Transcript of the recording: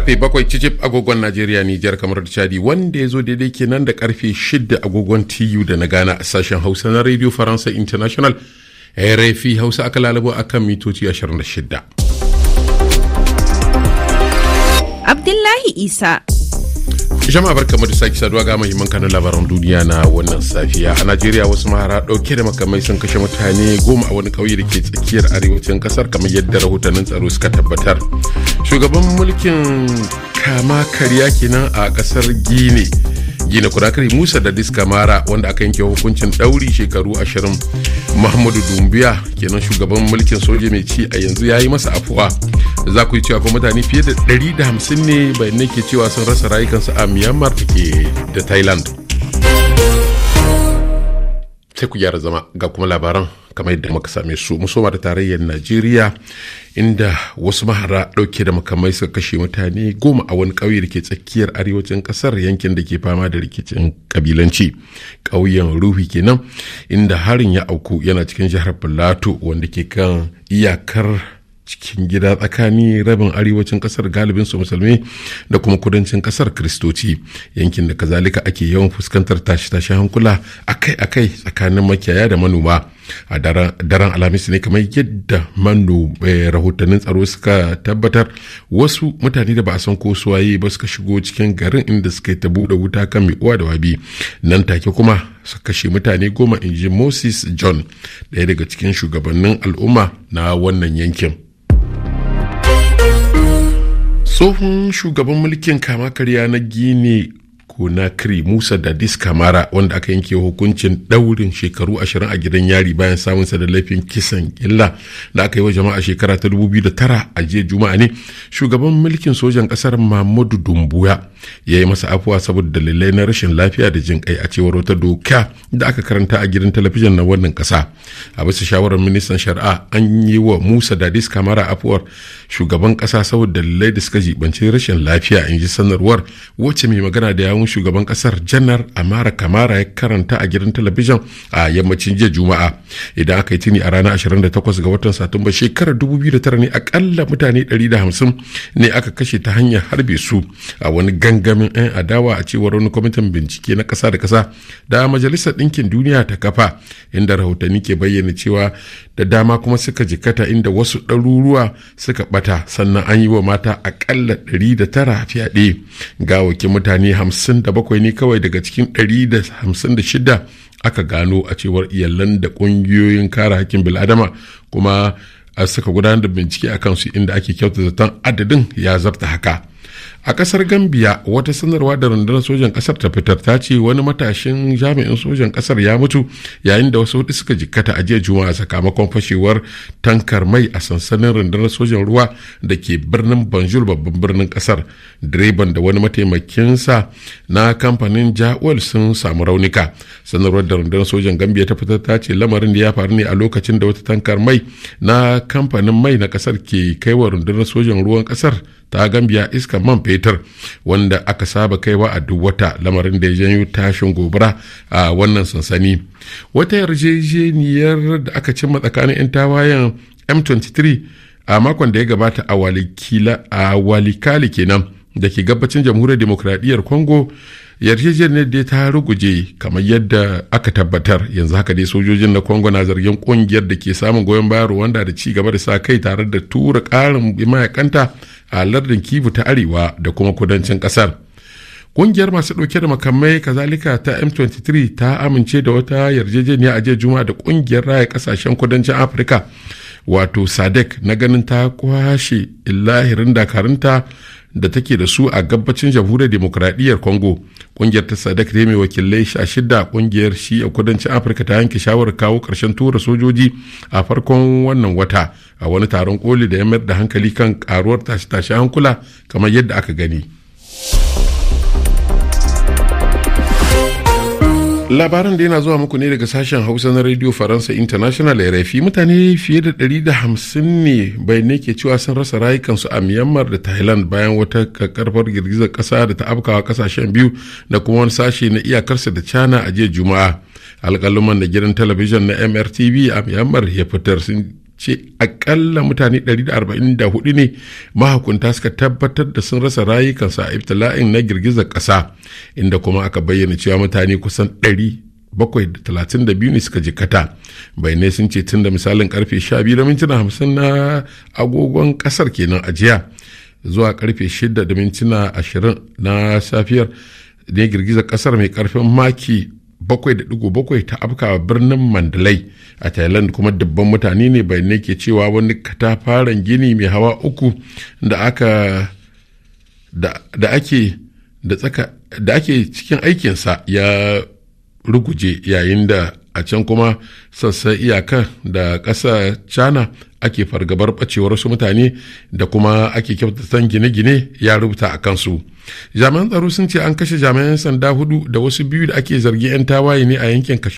karfe 7 cicip agogon Najeriya Nijar kamar da Chadi wanda ya zo daidai kenan da karfe 6 agogon TU da na gana a sashen Hausa na Radio Faransa International RFI Hausa aka lalabo akan mitoci 26. Abdullahi Isa jama'a barka da sake saduwa ga mahimman kanun labaran duniya na wannan safiya a najeriya wasu mahara dauke da makamai sun kashe mutane goma a wani kauye da ke tsakiyar arewacin kasar kamar yadda rahotannin tsaro suka tabbatar shugaban mulkin kama karya kenan a kasar gine gine kudakari musa da diskamara wanda aka yanke hukuncin dauri shekaru ashirin muhammadu dumbiya kenan shugaban mulkin soja mai ci a yanzu ya yi masa afuwa za ku yi cewa kuma mutane fiye da 150 ne bayanai ke cewa sun rasa rayukansu a myanmar da ke da thailand sai ku gyara zama ga kuma labaran kamar yadda muka same su soma da tarayyar najeriya inda wasu mahara ɗauke da makamai suka kashe mutane goma a wani ƙauye da ke tsakiyar arewacin ƙasar yankin da ke fama da rikicin ƙabilanci ƙauyen ruhi kenan inda harin ya auku yana cikin jihar plateau wanda ke kan iyakar cikin gida tsakani rabin arewacin kasar galibin su musulmi da kuma kudancin kasar kristoci yankin da kazalika ake yawan fuskantar tashi-tashi hankula akai-akai tsakanin makiyaya da manoma a daren alhamis ne kamar yadda manu eh, rahotannin tsaro suka tabbatar wasu mutane da ba a san ko suwaye ba suka shigo cikin garin inda suka yi ta buɗe wuta kan mai uwa da wabi nan take kuma suka kashe mutane goma in ji moses john ɗaya daga cikin shugabannin al'umma na wannan yankin tsohon shugaban mulkin kama karya na gini na conakry musa da diskamara wanda aka yanke hukuncin daurin shekaru ashirin a gidan yari bayan samunsa da laifin kisan illa da aka yi wa jama'a shekara ta biyu da tara a jiya juma'a ne shugaban mulkin sojan kasar mahmudu dumbuya ya yi masa afuwa saboda dalilai na rashin lafiya da jin kai a cewar wata doka da aka karanta a gidan talabijin na wannan ƙasa a bisa shawarar ministan shari'a an yi wa musa da diskamara afuwar shugaban ƙasa saboda dalilai da suka jibanci rashin lafiya in ji sanarwar wacce mai magana da yawun shugaban kasar janar amara kamara ya karanta a gidan talabijin a yammacin jiya juma'a idan aka yi tuni a ranar 28 ga watan satumba shekarar 2009 ne akalla mutane 150 ne aka kashe ta hanyar harbe su a wani gangamin 'yan adawa a cewar wani kwamitin bincike na kasa da kasa da majalisar ɗinkin duniya ta kafa inda rahotanni ke bayyana cewa da dama kuma suka jikata inda wasu ɗaruruwa suka bata sannan an yi wa mata akalla 109 fyaɗe gawakin mutane 50 57 ne kawai daga cikin 156 aka gano a cewar iyalan da ƙungiyoyin kare hakkin bil'adama kuma suka gudanar da bincike a kansu inda ake kyauta zaton adadin ya zarta haka a kasar gambia wata sanarwa da rundunar sojan kasar ta fitar ta ce wani matashin jami'in sojan kasar ya mutu yayin da wasu hudu suka jikkata a jiya juma'a sakamakon fashewar tankar mai a sansanin rundunar sojan ruwa da ke birnin banjul babban birnin kasar direban da wani mataimakinsa na kamfanin jawal sun samu raunika sanarwar da rundunar sojan gambia ta fitar ta ce lamarin ya faru ne a lokacin da wata tankar mai na kamfanin mai na kasar ke kaiwa rundunar sojan ruwan kasar ta gambiya iska man fetur wanda aka saba kaiwa a duk wata lamarin da ya janyo tashin gobara a wannan sansani wata yarjejeniyar da aka cimma tsakanin 'yan tawayen m23 a makon da ya gabata a walikali kenan da ke gabacin jamhuriyar demokradiyyar congo yarjejeniyar da ta ruguje kamar yadda aka tabbatar yanzu haka dai sojojin na congo na zargin kungiyar da ke samun goyon bayan rwanda da ci gaba da sa kai tare da tura karin mayakanta a lardin kivu ta arewa da kuma kudancin kasar kungiyar masu ɗauke da makamai kazalika ta m23 ta amince da wata yarjejeniya a jiya juma'a da kungiyar raya kasashen kudancin afirka wato sadek na ganin ta kwashe illahirin dakarunta da take da su a gabacin jamhuriyar demokradiyyar congo ƙungiyar ta sadak mai wakilai sha shida kungiyar shi a kudancin afirka ta yanke shawarar kawo karshen tura sojoji a farkon wannan wata a wani taron koli da ya mayar da hankali kan karuwar tashe-tashe hankula kamar yadda aka gani. labaran da yana zuwa muku ne daga sashen hausa na radio faransa international rfi mutane fiye da 150 ne bai ne ke cewa sun rasa rayukansu a myanmar da thailand bayan wata karfar girgizar kasa da ta afkawa kasashen biyu da kuma wani sashe na iyakarsa da china a jiya juma'a alkaluman da gidan talabijin na mrtv a myanmar ya fitar sun ce akalla mutane 144 ne mahukunta suka tabbatar da sun rasa rayukansu a iftila'in na girgizar ƙasa inda kuma aka bayyana cewa mutane kusan 732 ne suka jikata bayanai sun ce tun da misalin karfe 12 da mintuna 50 na agogon ƙasar kenan a jiya zuwa karfe 6 da mintuna 20 na safiyar ne girgizar ƙasar mai karfin maki bakwai da bakwai ta afka birnin mandalay a thailand kuma dubban mutane ne ne ke cewa wani katafaren gini mai hawa uku da aka da ake da ake cikin aikinsa ya ruguje yayin da a can kuma sassan iyaka da ƙasa china ake fargabar ɓacewar su mutane da kuma ake kyautatan gine-gine ya rubuta a kansu jami'an tsaro sun ce an kashe jami'an sanda hudu da wasu biyu da ake zargi 'yan tawaye ne a yankin kashe